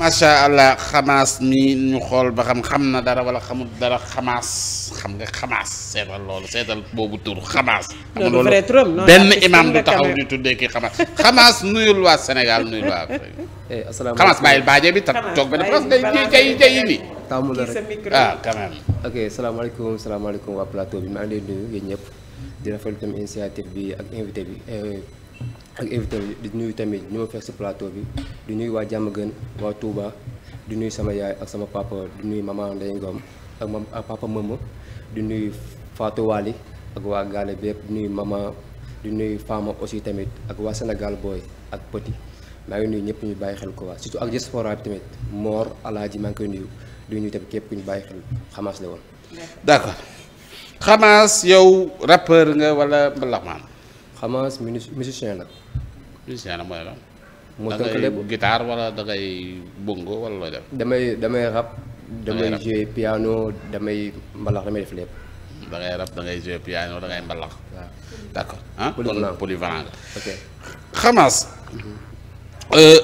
macha allah xamaas mi ñu xool ba xam xam na dara wala xamul dara xamaas xam nga xamaas seetal loolu seetal boobu tur xamaas. loolu benn imam du taxaw di tuddee kii xamaas xamaas nuyul waa Sénégal nuyul waa Afrique. Eh, asalaamaaleykum xamaas bi tax toog benn place day jay jay ni. taamu la rek ah quand même. ok salaamaaleykum salaamaaleykum waa plateau bi maa ngi leen di nuyu yéen ñëpp di rafetlu tam initiative bi ak invité bi. Eh, ak invité di nuyu tamit ñu ma fekk si plateau bi du nuyu waa Diamaguène waa tuuba du nuyu sama yaay ak sama papa du nuyu maman Ndeye Ngom ak mam ak papa Mama di nuyu Fatou Wali ak waa Gaale bépp di nuyu maman du nuyu Fama aussi tamit ak waa senegal booy ak Petit maa ngi nuyu ñëpp ñu bàyyi xel ko waa surtout ak diaspora bi tamit Mor Alaaji maa ngi koy nuyu di nuyu tamit képp ñu bàyyi xel Xamaas la woon. d'accord Xamaas yow rappeur nga wala mbalaxmaan. xamas musicien nag. musicien nag mooy lan. mu tënk lépp da ngay guitare wala da ngay bongo wala looy def. damay damay rap. damay jouer piano damay mbalax damay def lépp. da ngay rap da piano da mbalax. waaw d'accord ah. ok xamas. Mhm. Euh,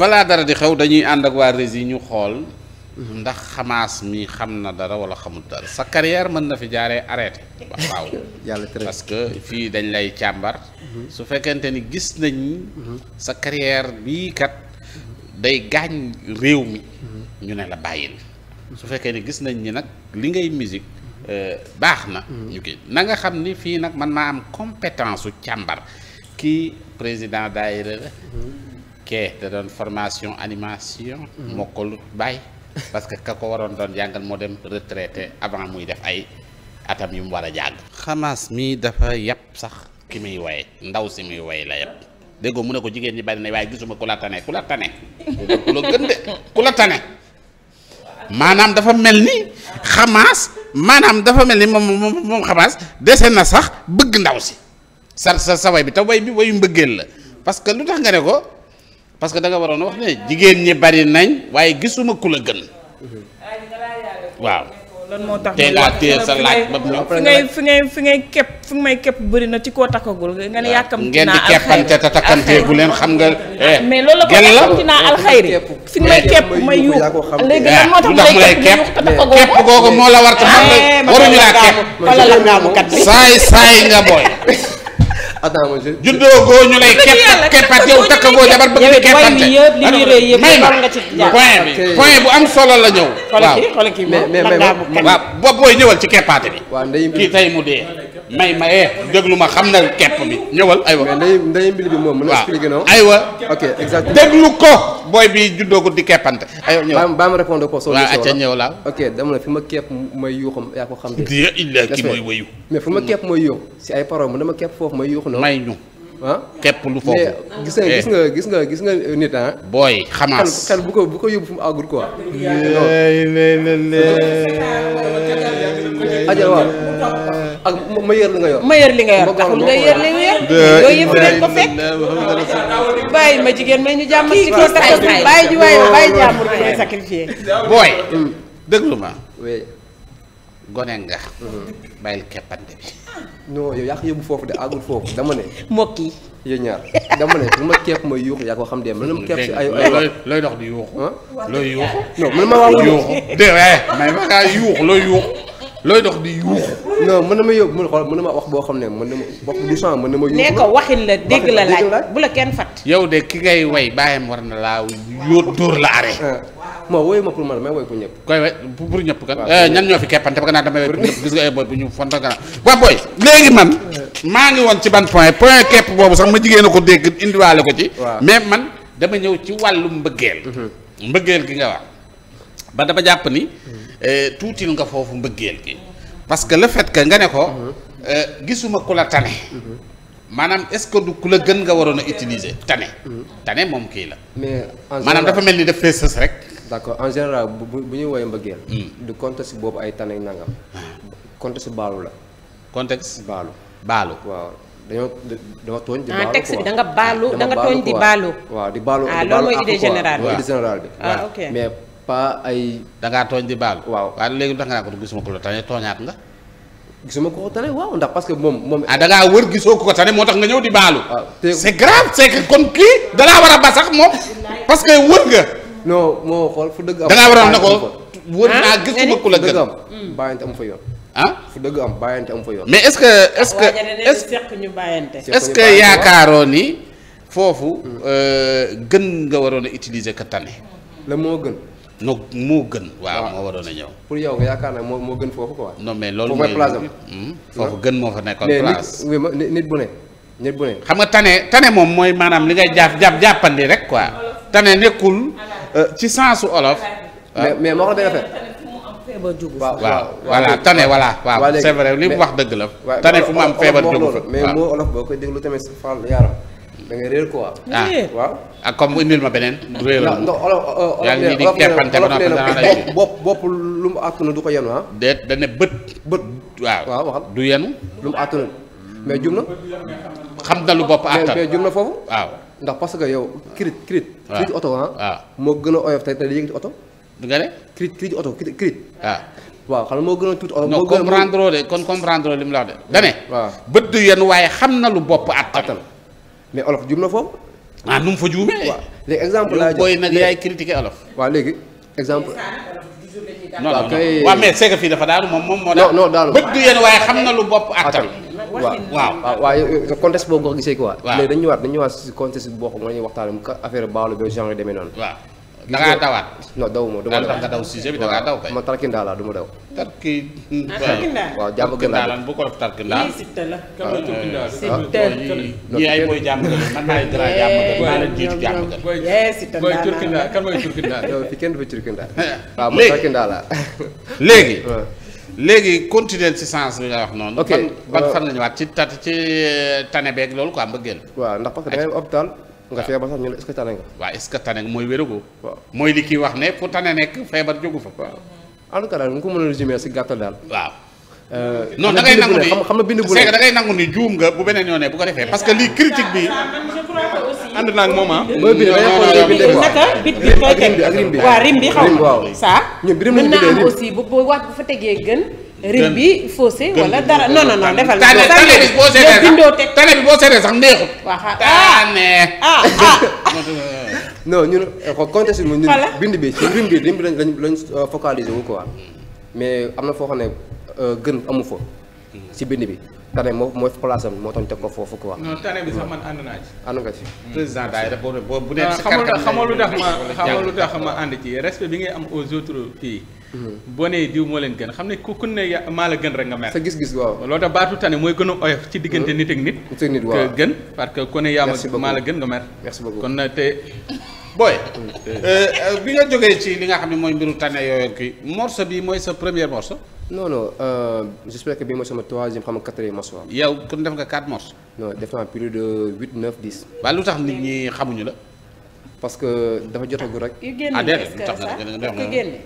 balaa dara di xew dañuy ànd ak waa Rési ñu xool. ndax xamaas mi xam na dara wala xamul dara sa carrière mën na fi jaaree arrêté. waaw yàlla parce que fii dañ lay càmbar. Mhm. su fekkente ni gis nañ. Mhm. sa carrière bii kat day gaañ réew mi. Mhm. ñu ne la bàyyi su fekkee ni gis nañ ni nag li ngay musique euh, baax na. na nga xam ni fii nag man maa am compétence su càmbar kii président daayira la. kee da doon formation animation. moo bàyyi. parce que ka ko waroon doon jàngal moo dem retraité avant muy def ay atam yu mu war a jàng. xanaas mi dafa yàpp sax ki muy woye ndaw si muy woye la yàpp déggoo mu ne ko jigéen ñi bari na waaye gisuma ku la tane ku la tane ku la maanaam dafa mel ni xamaas maanaam dafa mel ni moom moom xamaas dese na sax bëgg ndaw si. sa sa sa bi te woy bi wayu mbëggeel la parce que lu tax nga ne ko. parce que da nga waroon wax ne jigéen ñi bari nañ waaye gisuma ku la gën waaw lan moo tax tey sa laaj ba ñëw fi fi ngay fi ngay képp fi may képp bëri na ci koo takkagul nga ne leen xam nga eh, ah, mais loolu la ko yàkkamti may képp may yuux ah, léegi lan moo tax mu lay képp képp googu moo la war te man la eh, waruñu laa képp saay saay nga booy attends ma je. juddoo goo ñu lay. kepp keppat yow takkagoo jabar bëgg di keppante. yëpp li ñu rëy bu am solo la ñëw. waaw xoolal kii xoolal kii ñëwal ci keppaate bi. waaw kii tey mu dee. may mayee déglu ma xam na kepp bi ñëwal aywa. mais ndey na expliqué non aywa ok exactement déglu ko booy bi juddoo ko di keppante. aywa ñëw ba ba ma répondre soo acca ñëw la ma kepp mooy yuuxam yaa ko xam. de illa ki mooy wayu ma kepp mooy yuux si ay parole mu dama kepp foofu mooy yuux may ñu. ah lu foofu. Eh. gis nga gis nga gis nga gis euh, nga nit ah. booy xamaas xel bu ko bu ko yóbbu fu mu àggul quoi. léegi léegi léegi. ak ma yër li nga yor ma yër li nga yor taxul nga yër li nga yooyu yëpp leen ko fekk bàyyi ma jigéen may ñu jàmm ci ko tax bàyyi ji waaye bàyyi jàmbur mm. ma gone nga mm-hmm. bi non yaa ko foofu de foofu dama ne mokk yi yéen ñaar dama ne bu ma xam de mën na kepp si ay looy dox di yuuxu looy yuuxu non man ma waa yuuxu de eh, may ma ngaa looy yuuxu looy dox di yuuxu. non mën na ma mën xool ma wax boo xam ne mën na ma wax du mën na ma. ne ko waxin la dégg la laaj bu la kenn fat yow de ki ngay woy bàyyam war na laa yóot dóor la arrêt. Ah. moo woyu ma pour man may woy pour ñëpp. koy way pour ñëpp kan. Eh, ñan ñoo fi keppante ba gannaaw damay woy gis nga ay eh, booy bu ñu fonta gannaaw. waaw booy léegi man. maa ngi woon ci ban point point kepp boobu sax ma jigéen a ko dégg indiwaale ko ci. mais man dama ñëw ci wàllu mbëggeel. Mhm. mbëggeel gi nga wax ba dama jàpp ni Eh, tuutil nga foofu mbëggeel gi parce que le fait que nga ne ko mhm. eh, gisuma ku la tane mhm. maanaam est-ce que du ku la gën nga waroon a utiliser tane mhm. tane moom kii la mais maanaam dafa mel ni def fee sës rek d'accord en général bu ñuy woowee mbëggeel hmm. du contexte boobu ay tane nangam hmm. contexte baalu la contexte baalu baalu waaw dañoo ah, ah, dama tooñ di baalu ah texte bi da nga baalu da nga tooñ di baalu waaw di baalu ah loolu mooy idée générale bi idée générale bi mais pas ay. da ngaa tooñ di baalu. waaw waaye léegi tax nga naa ko gisuma ko la tane tooñaat nga. gisuma ko ko tane waaw ndax parce que moom moom. ah da wër gisoo ko ko tane moo tax nga ñëw di baalu. c'est grave c'est kon kii da laa a ba sax moom. parce que wër moo xool fu dëgg am. da war a na ko wër naa gisuma ku la gën hmm. bàyyante am fa yoon. ah fu dëgg am bàyyante am fa yoon. mais est-ce que est-ce que est-ce que yaakaaroo ni foofu hmm. euh, gën nga waroon a utiliser ka tane. la moo gën. no moo gën. waaw moo waroon a ñëw. pour yow nga yaakaar na moo moo gën foofu quoi. non mais loolu mooy place am hmm? foofu gën moo fa nekkoon place mais nit bu ne nit bu ne. xam nga tane tane moom mooy maanaam li ngay jàpp jàpp jàppandi rek quoi tane nekkul euh, ci sensu olof. mais mais moo ko benn affaire. waaw waaw voilà tane voilà waaw c'est vrai li mu wax dëgg la. tane fu mu am feebar jógu fa mais moo olof boo koy déglu tamit faal yaaram. da ngay réer quoi. ah waaw. ah comme indil ma beneen. réeral ma yaa ngi di keppante ba noppi bopp bopp du ko yenu ah. da bët. bët waaw waaw waxal du yenu. lu mu àttanu mais jum na. xam na lu bopp àttan mais jum na foofu. waaw ndax parce que yow. kirit kirit. waaw kirit moo gën a oyof tey oto. du nga ne. kirit oto kirit kirit. moo gën a tuuti. moo gën a comprendre de kon comprendre li mu la de. da bët du yenu waaye xam na lu bopp àttan. mais olof juum na foofu. ah nu mu fa juumee. waaw léegi exemple laa booy nag yaay critiquer olof. waa léegi exemple. waaw kay waaw mais c'est fii dafa daanu moom moom moo. non non daanu bët du yéen waaye xam na lu bopp attan. waaw waaw waaw contexte boobu nga ko gisee quoi. waaw léegi dañu ñëwaat dañu ñëwaat si contexte bi boo ne waxtaan ka affaire baalu ba genre demee noonu. waaw da ngaa dawaat. non daw ma du ma daw nga daw sujet daw kay. ma tarkindaa la du ma daw. tarki. waaw ko tarkindaa. sitta la. ñii ay booy jàmm léegi. Ah. léegi continuer ci sens bi nga wax noonu. ok ban ah. fan la waat ci tat ci tane beeg loolu quoi mbëggeel. waaw ndax parce que da ngay nga feebar sax ñu ne est tane nga. waaw est tane nga mooy wérugoo. mooy li kii wax ne fu tane nekk feebar jógu fa. waaw en daal nu ko a euh, nangu ni xam nga nangu ni juum nga bu beneen yoonee bu ko defee parce que lii critique bi. ànd naa ak moom ah. booy bi naka bit bi ak rim bi waaw rim bi xaw ma. waaw saa. ñun naa am aussi bu bu wax bu fa tegee gën. riz bi faussé wala dara non non non defal na tane bi boo seetee sax neexut. Ah, ah. Ah, ah non ñun eh, contexte bi ñun bind bi ci rim bi rim bi lañ lañ euh, focaliser wu quoi hmm. mais am na foo xam ne euh, gën amu fa ci hmm. bind bi tane moo mooy place moo tax ñu teg ko foofu quoi. non tane bi sax man ànd naa ci. ànd nga ci. Hmm. bu nekk si. xamal lu tax ma xamal lu tax ma ànd ci respect bi ngay am aux autres pays. boo nee diw moo leen gën xam ne ku ku ne maa la gën rek nga mer. sa gis-gis waaw loolu tax baatu tane mooy gën a oyof ci diggante hmm. nit ak nit. nit gën parce que ku ne yaa ma maa la gën nga mer. merci beaucoup euh, te. booy hmm. euh, euh, bi nga jógee ci li nga xam ne mooy mbiru tane yooyu kii morceau bi mooy sa première morceau. non non j'espère que bii mooy sama troisième xam nga quatrième morceau waaw. yow kon def nga quatre morceaux. non def naa de huit neuf dix. waaw lu tax nit ñi xamuñu la. parce que dafa jotagul rek. yu génn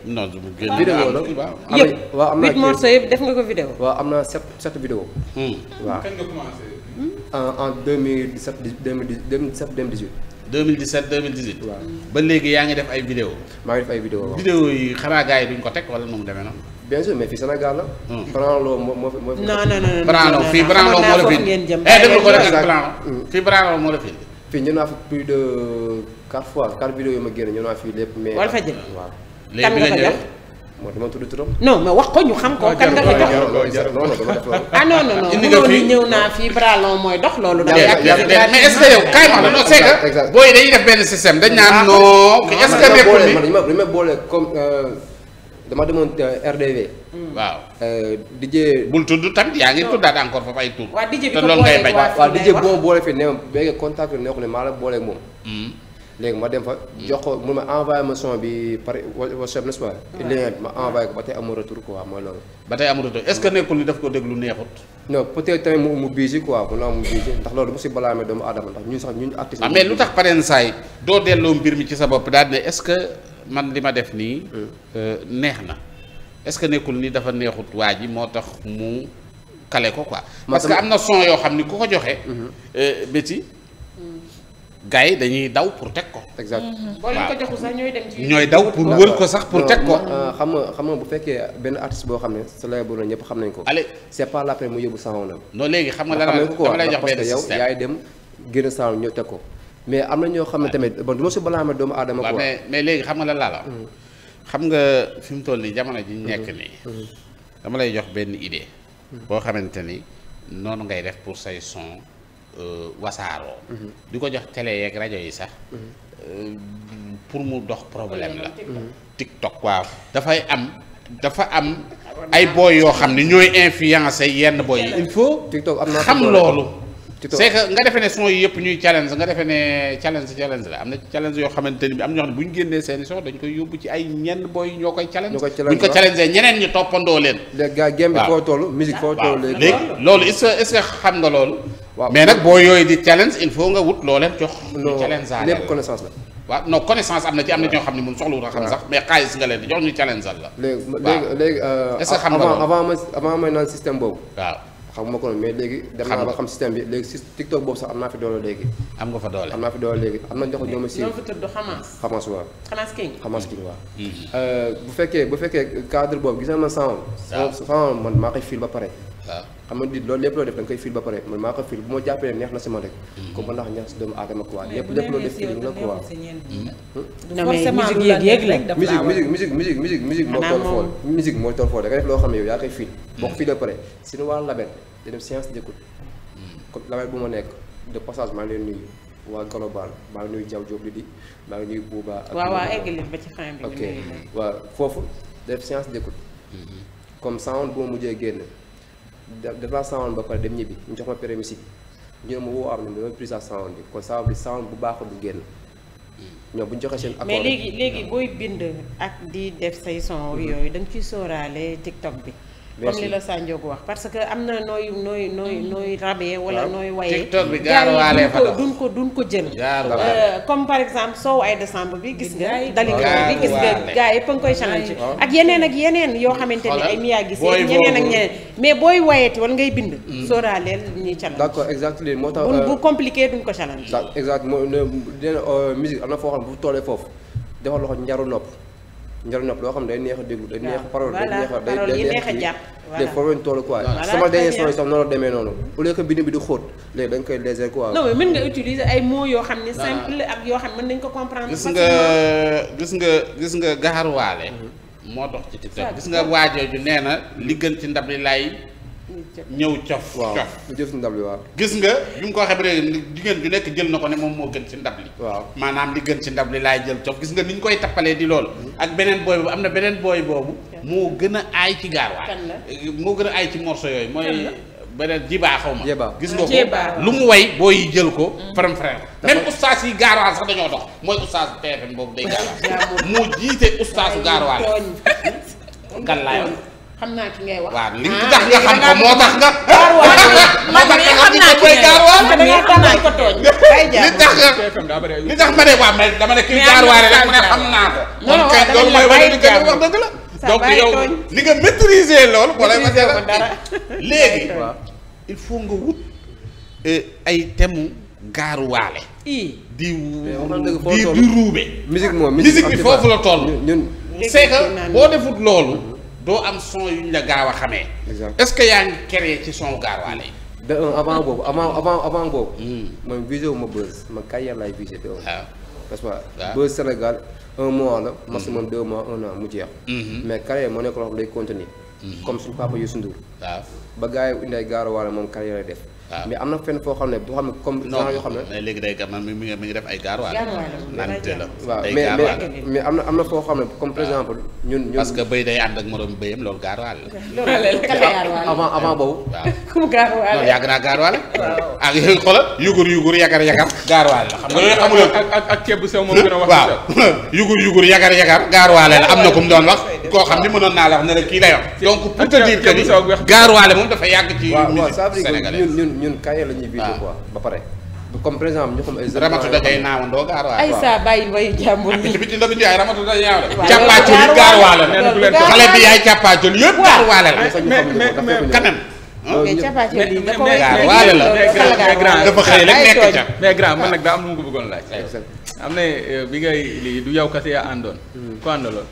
non vidéo la ah, waaw am na huit morceaux def ko vidéo. waaw am na sept sept vidéo. Hmm. waaw kañ nga commencé. en en 2017 2017 2018. 2017 2018. waaw ba léegi yaa ngi def ay vidéo. maa ngi def ay vidéo waaw. yi xanaa gars yi duñ ko teg wala moom demee noonu. bien sûr mais fii Sénégal la. Hmm. Branlo moo moo moo. Eh, hmm. moo la fi. xam naa foofu fii Branlo moo la fi. fii ñu naa fa plus quatre fois quatre vidéos yu ma génn ñu naa fii lépp mais wala fa jël waaw léegi bi la jox moo dama tudd turam non mais wax ko ñu xam ko kan nga ko jox non non dama def loolu ah non non non indi nga fii ñëw naa fii bras long mooy dox loolu da mais est-ce que yow kay ma non c'est que booy dañuy def benn système dañ naan non est-ce que nekkul ni dañ ma dañ ma boole comme euh, dama demoon euh, RDV hmm. waaw euh, DJ bul tudd tamit yaa ngi tuddaat encore foofu ay tur te loolu ngay bañ waaw DJ boo boole fii ne ma béykat contact ne ko ne maa la booleeg moom hmm. léegi ma dem fa jox ko mun ma envoyé ma son bi par WhatsApp n'est-ce pas ma envoyé ko ba tey amul retour quoi mooy loolu ba tey amul retour est-ce que nekkul ni daf ko déglu neexut non peut-être tamit mu ndax loolu mu si balaamee doomu aadama ndax ñun sax ñun artiste ah, mais lu tax pareen saay doo delloo mbir mi ci sa bopp daal ne est que man li ma def nii hmm. euh, neex na est-ce que nekkul ni dafa neexut waa ji moo tax mu kale ko quoi parce que am na son yoo xam ni ku ko joxee hmm. euh, béti gars yi dañuy daw pour teg ko. exactement mhm. boo leen ko joxul sax ñooy dem ñooy daw pour wër ko sax pour teg ko. xam nga xam nga bu fekkee benn artiste boo xam ne célèbre bu ñëpp xam nañ ko. allez c'est pas la peine mu yóbbu saxoon na. non léegi xam nga dana dama lay jox benn système yaay dem génn saxoon ñëw teg ko mais am na ñoo xam ne tamit bon du ma si balaame doomu aadama. quoi mais mais léegi xam nga lan laa mhm. xam nga fi mu toll nii jamono ji ñu nekk mhm. nii. dama lay jox benn idée. boo xamante ni noonu ngay def pour say son. Euh, wasaaroo. Mhm. di ko jox télé yeeg rajo yi sax. Mhm. Euh, pour mu dox problème la. Mhm. TikTok waaw dafay am dafa am ay booy yoo xam ne ñooy influencer yenn booy yi il faut. TikTok am xam loolu. c'est que nga defee ne son yi yëpp ñuy challenge nga defee ne challenge challenge la am na challenge yoo xamante ni bi am na ñoo xam ne bu ñu génnee seen son dañ koy yóbbu ci toppandoo leen léegi gars xam nga loolu waaw mais nag boo yooyu di challenge il faut nga wut loo leen jox ñu challenge lépp connaissance la am na ñoo xam ne moom soxlawul a xam sax mais xaalis nga leen di jox ñu challenge la waaw euh, xam ma ko mais léegi dem naa ba xam système bi léegi si TikTok boobu sax am naa fi doole léegi am nga fa doole am naa fi doole léegi am na jox ñooma si Hamas waaw Hamas hmm. euh, bu fekkee bu fekkee cadre boobu gis na man sanon sanon man maa koy fiil ba pare waaw xam nga nit loolu lépp loo def da nga koy fil ba pare man maa ko fil bu ma jàppee neex na sama rek comme ndax neex si doomu aadama quoi lépp lépp loo def filim la quoi hmm? musique yéeg yéeg la musique musique ne yow yaa mm-hmm. ba mm-hmm. ma nekk de passage maa ngi leen nuyu waa global maa ngi nuyu Jaw Jóob di maa ngi nuyu Bouba ak waaw waaw foofu def science d'écoute mm-hmm. comme sound boo mujjee génn devant sawoon ba pare dem ñibbi ñu jox ma permis bi ñu ne ma woo am ne dama prise à sawoon bi kon sawoon bi sawoon bu baaxul du génn ñoom bu ñu joxee seen accord mais léegi léegi booy bind ak di def say son yooyu mm-hmm. da nga ciy sóoraale TikTok bi comme li la Sandiogou wax parce que am na nooy nooy nooy nooy rabee wala nooy wayee TikTok bi gaarwaalee fa duñ ko duñ ko jël euh, par exemple soow ay décembre bi gis nga dalinga bi gis nga a ngi koy challenge ak yeneen ak yeneen yoo xamante ne ay miyaa gis ñeneen ak ñeneen mais booy wayeti wala ngay bind mm. sóoraaleel ñuy challenge d'accord exactement moo tax euh, bu compliqué duñ ko challenge exactement euh, musique am na foo xam bu tollee foofu defal loxo njaru nopp njël nopp loo xam ne day neex a déglu day neex a parole day neex a day neex a jàpp léegi foofu lañ toll quoi sama dernier son yi sax noonu la demee noonu au lieu que bind bi koy léger nga utiliser ay mots yoo xam ne simple ak yoo xam ne mën nañ ko comprendre gis nga gis nga gis nga gaxar waale mhm. moo dox ci TikTok gis nga waajooju nee na li gën ci ndab li laay ñëw cof cof jëf ndab li waaw gis nga bi mu ko waxee ba léegi ju nekk jël na ko ne moom moo gën ci ndab li waaw maanaam li gën ci ndab li laay jël cof gis nga ni ñu koy tappalee di loolu hmm. ak beneen booy boobu am na beneen booy boobu moo gën a aay ci gaarwaay moo gën a ay ci morceau yooyu mooy beneen jibaa xaw ma gis nga ko lu mu way booy jël ko hmm. faram faram même ustaas yi gaarwaal sax dañoo dox mooy ustaas TFM boobu day gaarwaal moo jiite ustaasu gaarwaal kan laay wax xam naa ki ngay wax. waaw li ah, tax nga xam ko moo tax nga. man de xam naa ki ngay wax man de xam naa li tax li tax ma ne waaw mais dama ne kii jaarwaale rek mu ne xam naa ko. non non loolu mooy wane a wax dëgg la. donc yow li léegi. il faut nga wut euh, ay temu gaaruwaale. di di di ruube. musique moom musique bi foofu la toll. ñun boo defut loolu. doo am son yu ñu la gaaw a xamee. est-ce que yaa ngi créé ci son gaawaale yi. de un euh, avant boobu avant avant boobu. Hmm. man visé wu ma buzz ma carrière laay visé de un. waaw ah. n'est-ce ah. Sénégal un mois la. Hmm. maximum deux mois un an mu jeex. Hmm. mais carrière moo nekk loo xam day continuer. comme suñu papa Youssou Ndour. waaw ah. ba gars yi indi ay gaawaale moom carrière lay def. waaw mais am na fenn foo xam ne boo xam ne comme. genre yoo xam ne mais léegi day gàmm ay gaar waale. gaar la waaw mais mais am na am na foo xam ne comme par exemple. parce que béy day ànd ak morom béyam loolu gaar waale la. loolu avant avant boobu. waaw ku yàgg naa gaar ak yéen yugur yugur yagar yagar gaar bu a wax. waaw yugur yugur yagar yagar la am na ku mu doon wax. koo xam ni mënoon naa la ne la kii lay wax. donc pour te dire que ni gaaruwaale moom dafa yàgg ci. waaw waaw ramatu da koy naawandoo gaaruwaale. ay saa bàyyi bayu jàmbur bi. Ah, ci bitti ndomi jaay ramatu da ñaaw la. càppaacul yi gaaruwaale la. loolu gaaruwaale xale bi yaay la. mais mais mais kanam. dafa xëy nekk ca. mais grand man nag daa am lu ma ko bëggoon laaj. am na euh, bi ngay lii euh, du yow kese yaa àndoon. Hmm. ku àndaloon.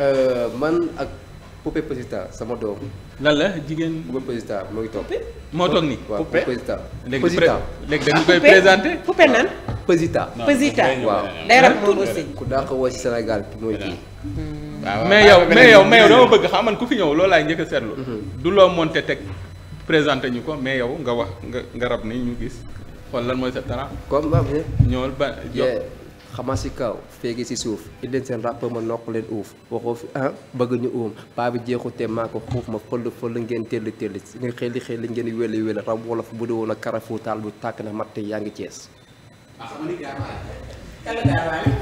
Euh, man ak Poupée Posita sama doom. lan la jigéen. Poupée Posita moo ngi toog. moo toog nii Poupée Posita. léegi dañu koy présenté. Ah, Poupée nan. Posita. Posita waaw. day rab moom aussi. ku daa ko woo ci Sénégal mooy kii. Hmm. Ah, mais yow mais yow mais yow dama bëgg xam man ku fi ñëw loolu laay njëkk a seetlu. Mhm. du loo monté teg présenté ñu ko mais yow nga wax nga nga rab ni ñu gis xool lan mooy sa dara comme ba ñëwal ba jox. xama si kaw féegi si suuf it leen seen ràpp ma noq leen uuf waxoo fi ah bëgg ñu uum paa bi jeexu te maa ko xuuf ma fëll fëll ngeen telli telli nga xelli xelli ngeen weli weli rab wolof bu dee woon a karafu taal bu tàkk na matt yaa ngi cees ah,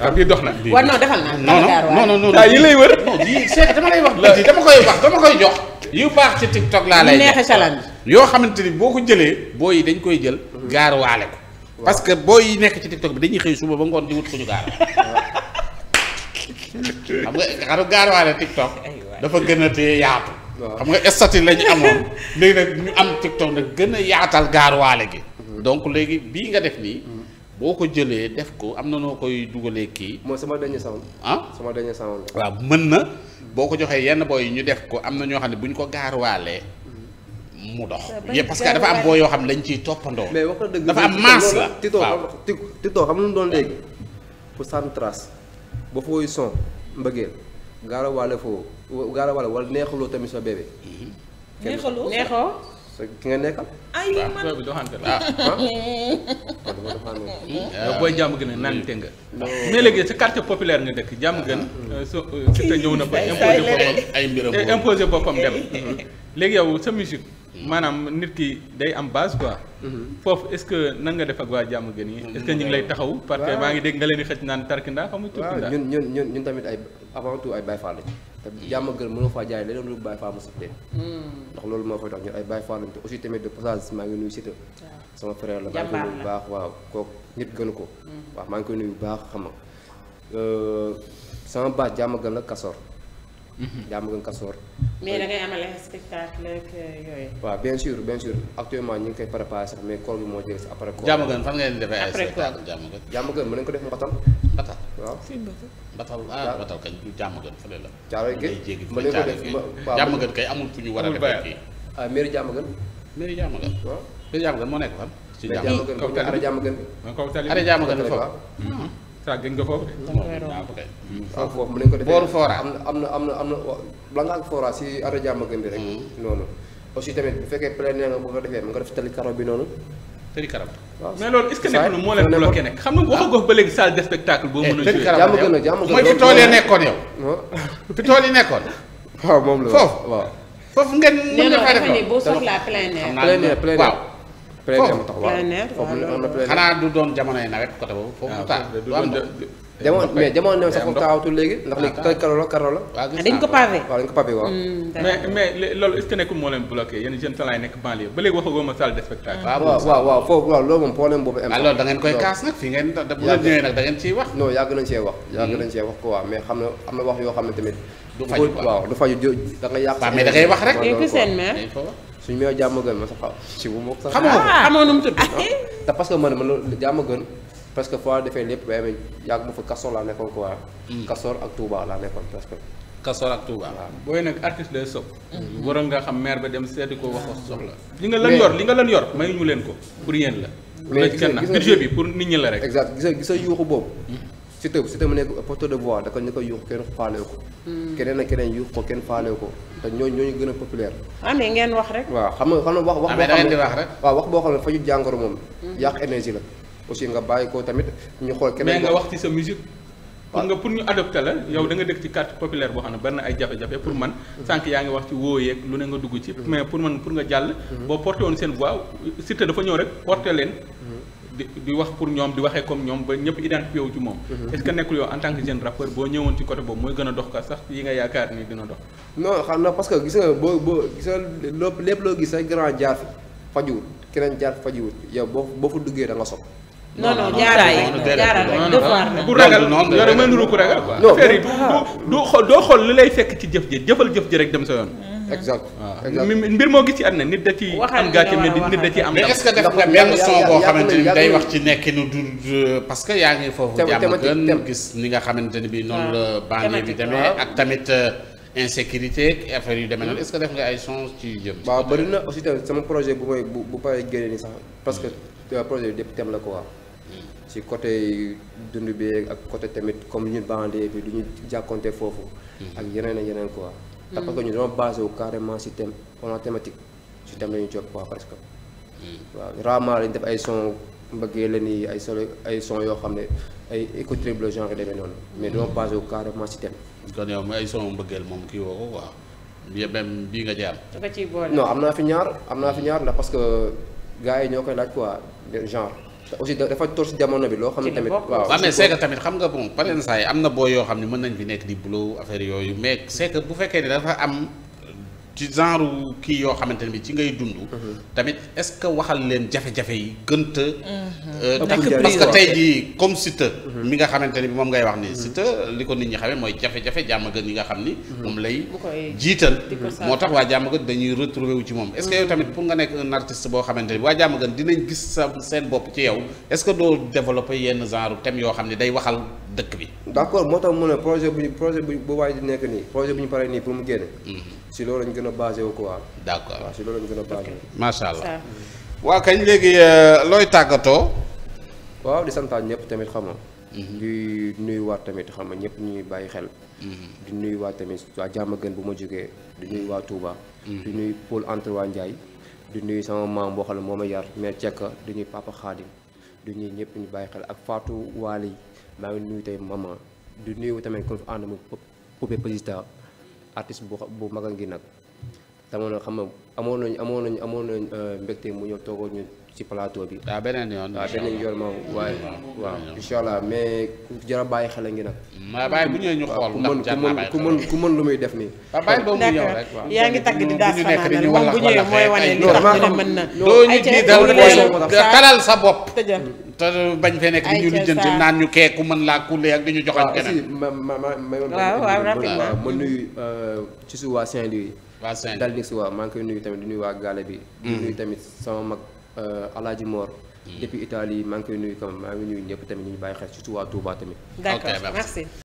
waaw bii ah, dox na. defal naa. non non non yi lay wër. yii Cheikh dama lay wax. la dama koy wax dama koy jox. yu baax ci TikTok laa lay. neexe salaan yoo xamante ni boo ko jëlee. booy yi dañ koy jël. gaar waale parce que booy nekk ci TikTok bi dañuy xëy suma ba ngoon di wut fu ñu gaar xam nga xam nga gaarawaale TikTok dafa gën a tee yaatu. xam nga statut la ñu amoon léegi nag ñu am TikTok nag gën a yaatal gaarawaale gi. Mhm. donc léegi bii nga def nii. Mhm. boo ko jëlee def ko am na noo koy dugalee kii. mooy sama dernier sound. ah sama dernier sound. waaw mën na boo ko joxee yenn booy yi ñu def ko am na ñoo xam ne bu ñu ko gaarawaale. mu dox. parce que dafa am boo yoo xam ne dañ ciy toppandoo. mais wax dëgg dafa am masse la Tito Tito xam lu mu doon léegi. pour sans trace ba fooy son mbëggeel gaara foo gaara waale neexaloo tamit sa bébé. Mm-hmm. neexaloo neexoo. ki nga nekkal. ay doxante ah. Ah. booy jàmm gën a nante nga. mais léegi sa quartier populaire nga dëkk jàmm gën. Mm-hmm. Euh, so si euh, te ñëw na fa imposer boppam ay mbiram eh, imposer boppam dem. léegi yow sa musique. maanaam nit ki day am base quoi. Mhm. foofu est-ce que nan nga def waa jàmm gën yi. est-ce que ñu ngi lay taxaw. parce que maa ngi dégg nga leen di xëcc naan tarkindaa xamu turkindaa. ñun ñun ñun ñun tamit ay avant tout ay Baye Fall lañ. te gën mënoo faa jaay leneen lu Baye Fall mu saf leen. Hmm. ndax loolu moo fay tax ñun ay Baye Fall lañ te aussi tamit de passage maa ngi nuyu Siteu. sama frère la maa ngi koy bu baax waaw kooku nit gënu ko. Hmm. waa maa ngi koy nuyu bu baax xam nga euh, sama base jàmm gën la Kasor jàmm gën kasoor. mais da ngay amal ay spectacle ak yooyu. waaw bien sûr bien sûr actuellement ñu ngi koy préparé sax mais koor gi moo jël si après. koor gën fan ngeen defee ay spectacle jàmm gën. jàmm gën ko def mbatal. mbatal waaw. mbatal ah mbatal kañ jàmm gën fële la. caaroy géej day jéggi fële caaroy géej jàmm gën kay amul fu ñu war a defee fii. ah jàmm gën. mairie jàmm gën. waaw mairie jàmm gën moo nekk fan. ci jàmm gën kaw jàmm gën bi. saa gën nga foofu de. waaw foofu mu ne ko defee booru Fora. am na mm-hmm. noonu boo eh, mën a joué mooy fi tool yi nekkoon yow fi tool waaw plein air mu tax waaw xanaa du doon jamonoy nawet foofu mu ah, mais jamono nawet sax foofu léegi ndax ah, ah. la karo waaw loolu moom problème boobu. am loolu da koy kaas nag fii ngeen bu ciy wax. non yàgg nañ cee wax. ko hmm. waaw mais xam na am na wax yoo xam ne tamit. du faju waaw du faju da nga yàq. mais wax rek. suñ meew jàmm gën ma sax xamoo ah. mu tudd ah. te parce que man man jàmm gën parce que foo defee lépp waaye yàgg ma Kastoor laa nekkoon quoi hmm. Kastoor ak Touba laa nekkoon presque Kastoor ak Touba booy nag artiste day sob hmm. waroon nga xam meer ba dem seeti ko wax la hmm. li nga lan yor li nga lan yor may ñu leen ko pour yéen la mais gis nga budget pour nit la rek exact gisa gisa yuuxu boobu surtout surtout mu nekk porteur de voix da ko ñu koy yuux kenn faale ko. Hmm. keneen ak keneen yuux ko kenn faale ko te ñooñu gën a populaire. ah mais ngeen wax rek. waaw xam nga xam wax. Ah, wax boo xam ne wax rek. jàngoro moom. Hmm. yàq énergie la. aussi nga bàyyi ko tamit ñu xool keneen. nga wax ci sa musique. pour nga pour ñu adopté la yow da nga dëkk ci carte populaire boo xam ne bari ay jafe-jafe pour man hmm. sànq yaa ngi wax ci wóoyeeg lu ne nga dugg ci mais pour man pour nga jàll boo porté woon seen voix Siteu dafa ñëw rek porté leen di di wax pour ñoom di waxee comme ñoom ba ñëpp identifié wu ci moom. Mhm. est-ce que nekkul yow en tant que jeune rappeur boo ñëwoon ci côté boobu mooy gën a dox ka sax yi nga yaakaar ni dina dox. non xam na parce que gis nga boo boo gis nga lépp loo gis rek grand jaar fi fajuwut keneen jaar fi fajuwut yow boo boo fa duggee da nga sopp non non jaaral rek jaaral rek devoir la. ku ragal yow rek mën ku ragal quoi. non affaire yi du du xool doo xool li lay fekk ci jëf ji jëfal jëf ji rek dem sa yoon. Mhm. exact waaw mbir moo gis ci àdduna nit da ci am gàcce mais nit da ci am. mais est-ce que def nga benn son boo xamante ni day wax ci nekkinu du parce que yaa ngi foofu. jàmm gën gis ni nga xamante ni bi noonu la. banlieue bi demee ak tamit euh, insécurité affaire yu demee noonu est-ce que def nga ay son ci jëm. waaw bëri na aussi tamit sama projet bu may bu bu paree génne nii sax parce que projet bi dépp thème la quoi. ci côté dund bi ak côté tamit comme ñun banlieue bi du ñu jàkkonte foofu. ak yeneen ak yeneen quoi. parce mm-hmm. que ñu doon basé wu carrément si thème on thématique si thème la ñu jóg quoi presque. Mm-hmm. waaw def ay son mbëggee la nii ay solo ay son yoo xam ne ay éco trip le demee noonu mais doon basé wu carrément si thème. kon yow ay son mbëggeel moom kii woo ko waaw. même bii nga jaar. da nga ciy boole am naa fi ñaar am naa fi ñaar la parce que gars yi ñoo koy laaj quoi genre. aussi dafa toll si jamono bi loo xam ne tamit waaw mais c'est que tamit xam nga bon par exemple saa yi am na boo yoo xam ne mën nañ fi nekk di boulot affaire yooyu mais c'est bu fekkee ne dafa am ci genre kii yoo xamante ne bi ci ngay dund. Mhm. tamit est-ce que waxal leen jafe-jafe yi gënta takk mhm. euh, parce que tey jii comme Siteu mhm. mi nga xamante ne bi moom ngay wax ni Siteu li ko nit ñi xamee mooy jafe-jafe jàmm gën yi nga xam ni. moom lay jiital. moo tax waa jàmm gën dañuy retrouver wu ci moom. est yow tamit pour nga nekk un boo xamante ne bi waa jàmm gën dinañ gis sa seen bopp ci yow est-ce que doo développer yenn genre thème yoo xam ne day waxal dëkk bi. d'accord moo tax mu ne bu projet bu bu waay di nii projet bu ñu si loolu lañ gën a basé wu quoi. d' accord waaw si loolu lañ gën a basé wu. macha allah waaw kañ léegi euh, looy tàggatoo. waaw di santaat ñëpp tamit xam nga. Mhm. di nuyuwaat tamit xam nga ñëpp ñuy bàyyi xel. Mhm. di nuyuwaat tamit waa Diamaguène bu ma jógee du nuyu waa Touba. Mhm. du nuyu Paul Entre waa Ndiaye. du nuyu sama maam boo moo ma yar mère Cekka du nuyu Papa Khadim du nuyu ñëpp ñu bàyyi xel ak Fatou Waly maa ngi nuyu tey maman di nuyu tamit kon fi ànd mu Poupée Pésita artiste bu bu mag a ngi nag tamoon xam nga amoon nañu amoon nañu amoon nañu euh, mbégte mu ñëw toogoo ñu ci palaato bi. waaw ah, beneen yoon waaw ah, yoon moom waaye. waaw incha allah mais jar a bàyyi xel ngi ma bàyyi bu ñëwee ñu xool ndax jar naa bàyyi ku mën ku mën lu muy def nii. waaw bàyyi boobu ñëw rek waaw yaa ngi tagg di na. doo ñu sa bopp. te bañ fee nekk di ñu lijjanti naan ñu ak di ñu joxoon keneen. waaw waaw rapidement ma nuyu euh, ci suba saint dal di si waaw maa ngi koy nuyu tamit di nuyu waa gaale bi di hmm. nuyu tamit sama mag euh, alaaji Mor hmm. depuis Italie maa ngi koy nuyu kam maa ngi nuyu ñëpp tamit ñu ñu bàyyi xel surtout waa Touba tamit d'accord merci